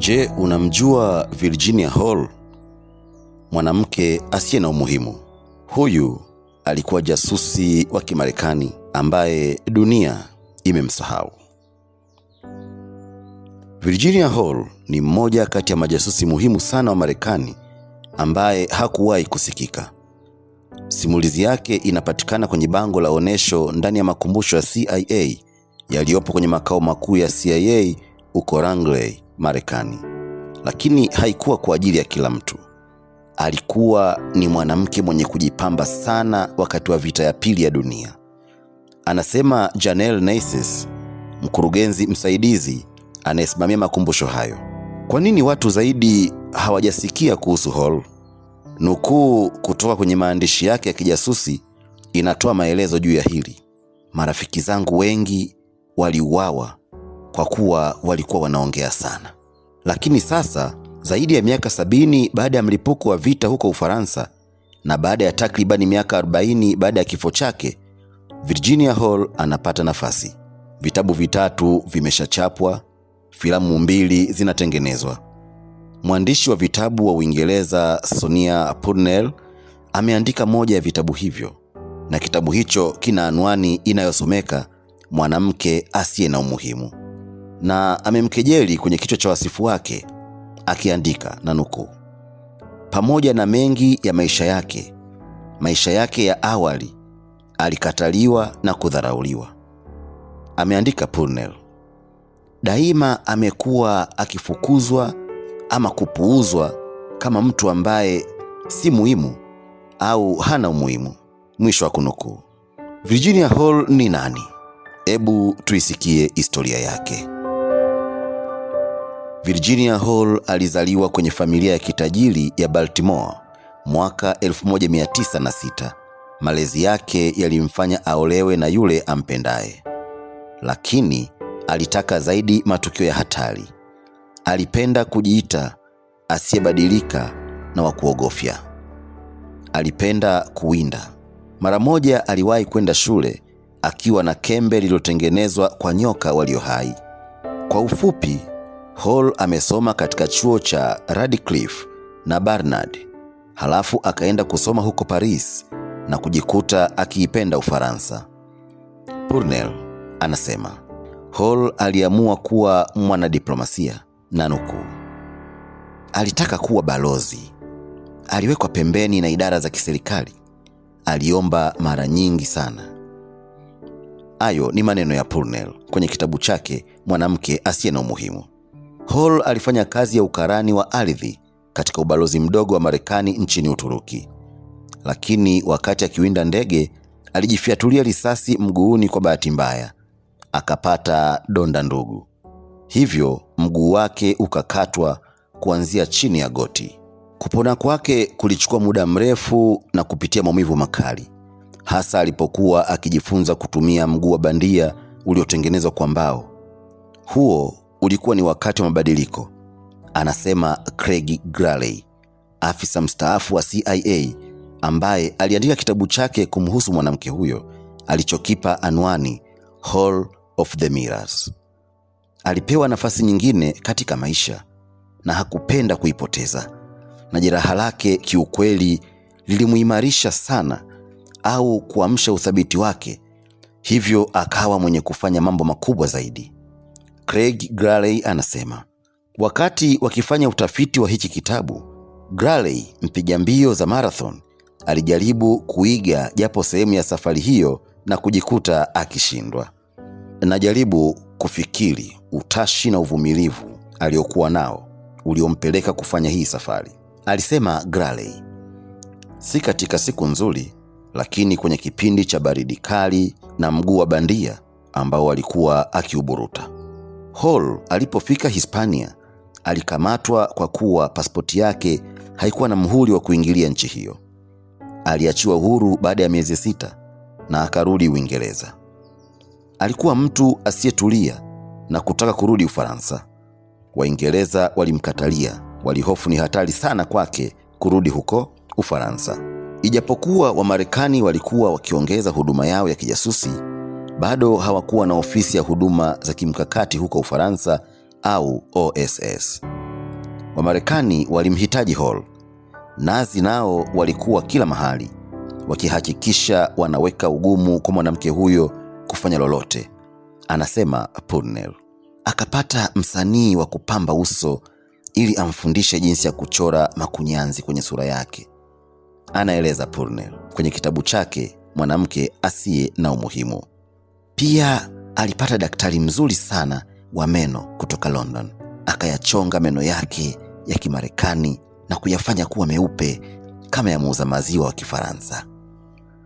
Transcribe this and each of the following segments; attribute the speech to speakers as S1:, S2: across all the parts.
S1: Je, unamjua Virginia Hall? Mwanamke asiye na umuhimu. Huyu alikuwa jasusi wa Kimarekani ambaye dunia imemsahau. Virginia Hall ni mmoja kati ya majasusi muhimu sana wa Marekani ambaye hakuwahi kusikika. Simulizi yake inapatikana kwenye bango la onesho ndani ya makumbusho ya CIA yaliyopo kwenye makao makuu ya CIA huko Langley, Marekani, lakini haikuwa kwa ajili ya kila mtu. Alikuwa ni mwanamke mwenye kujipamba sana wakati wa vita ya pili ya dunia. Anasema Janel Naises, mkurugenzi msaidizi anayesimamia makumbusho hayo. Kwa nini watu zaidi hawajasikia kuhusu Hall? Nukuu kutoka kwenye maandishi yake ya kijasusi inatoa maelezo juu ya hili. Marafiki zangu wengi waliuawa kwa kuwa walikuwa wanaongea sana. Lakini sasa zaidi ya miaka sabini baada ya mlipuko wa vita huko Ufaransa na baada ya takribani miaka 40 baada ya kifo chake, Virginia Hall anapata nafasi. Vitabu vitatu vimeshachapwa, filamu mbili zinatengenezwa. Mwandishi wa vitabu wa Uingereza Sonia Purnell ameandika moja ya vitabu hivyo, na kitabu hicho kina anwani inayosomeka mwanamke asiye na umuhimu na amemkejeli kwenye kichwa cha wasifu wake akiandika na nukuu, pamoja na mengi ya maisha yake, maisha yake ya awali alikataliwa na kudharauliwa, ameandika Purnell. Daima amekuwa akifukuzwa ama kupuuzwa kama mtu ambaye si muhimu au hana umuhimu. Mwisho wa kunukuu. Virginia Hall ni nani? Hebu tuisikie historia yake. Virginia Hall alizaliwa kwenye familia ya kitajiri ya Baltimore mwaka 1906. Malezi yake yalimfanya aolewe na yule ampendaye, lakini alitaka zaidi matukio ya hatari. Alipenda kujiita asiyebadilika na wa kuogofya. Alipenda kuwinda. Mara moja aliwahi kwenda shule akiwa na kembe lililotengenezwa kwa nyoka walio hai. Kwa ufupi, Hall amesoma katika chuo cha Radcliffe na Barnard, halafu akaenda kusoma huko Paris na kujikuta akiipenda Ufaransa. Purnell anasema Hall aliamua kuwa mwanadiplomasia na nukuu, alitaka kuwa balozi. Aliwekwa pembeni na idara za kiserikali, aliomba mara nyingi sana. Hayo ni maneno ya Purnell kwenye kitabu chake Mwanamke asiye na Umuhimu. Hall alifanya kazi ya ukarani wa ardhi katika ubalozi mdogo wa Marekani nchini Uturuki, lakini wakati akiwinda ndege alijifiatulia risasi mguuni kwa bahati mbaya, akapata donda ndugu, hivyo mguu wake ukakatwa kuanzia chini ya goti. Kupona kwake kulichukua muda mrefu na kupitia maumivu makali, hasa alipokuwa akijifunza kutumia mguu wa bandia uliotengenezwa kwa mbao. Huo ulikuwa ni wakati wa mabadiliko, anasema Craig Gray, afisa mstaafu wa CIA ambaye aliandika kitabu chake kumhusu mwanamke huyo alichokipa anwani Hall of the Mirrors. Alipewa nafasi nyingine katika maisha na hakupenda kuipoteza, na jeraha lake kiukweli lilimuimarisha sana au kuamsha uthabiti wake, hivyo akawa mwenye kufanya mambo makubwa zaidi. Craig Gralley anasema wakati wakifanya utafiti wa hiki kitabu, Gralley mpiga mbio za marathon alijaribu kuiga japo sehemu ya safari hiyo na kujikuta akishindwa. Najaribu kufikiri utashi na uvumilivu aliokuwa nao uliompeleka kufanya hii safari, alisema Gralley. Si katika siku nzuri, lakini kwenye kipindi cha baridi kali na mguu wa bandia ambao alikuwa akiuburuta. Hall alipofika Hispania alikamatwa kwa kuwa pasipoti yake haikuwa na mhuri wa kuingilia nchi hiyo. Aliachiwa huru baada ya miezi sita na akarudi Uingereza. Alikuwa mtu asiyetulia na kutaka kurudi Ufaransa. Waingereza walimkatalia, walihofu ni hatari sana kwake kurudi huko Ufaransa. Ijapokuwa Wamarekani walikuwa wakiongeza huduma yao ya kijasusi bado hawakuwa na ofisi ya huduma za kimkakati huko Ufaransa au OSS. Wamarekani walimhitaji Hall. Nazi nao walikuwa kila mahali wakihakikisha wanaweka ugumu kwa mwanamke huyo kufanya lolote, anasema Purnell. Akapata msanii wa kupamba uso ili amfundishe jinsi ya kuchora makunyanzi kwenye sura yake, anaeleza Purnell kwenye kitabu chake Mwanamke Asiye na Umuhimu. Pia alipata daktari mzuri sana wa meno kutoka London, akayachonga meno yake ya Kimarekani na kuyafanya kuwa meupe kama ya muuza maziwa wa Kifaransa.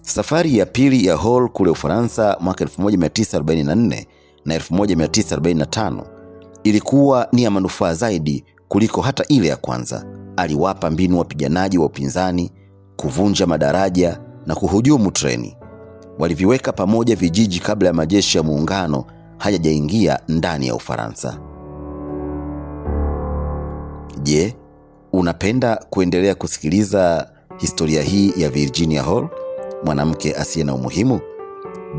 S1: Safari ya pili ya Hall kule Ufaransa mwaka 1944 na 1945 ilikuwa ni ya manufaa zaidi kuliko hata ile ya kwanza. Aliwapa mbinu wapiganaji wa upinzani kuvunja madaraja na kuhujumu treni waliviweka pamoja vijiji kabla ya majeshi ya muungano hayajaingia ndani ya Ufaransa. Je, unapenda kuendelea kusikiliza historia hii ya Virginia Hall, mwanamke asiye na umuhimu?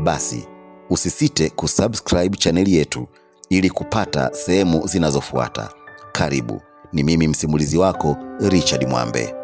S1: Basi usisite kusubscribe chaneli yetu ili kupata sehemu zinazofuata. Karibu, ni mimi msimulizi wako Richard Mwambe.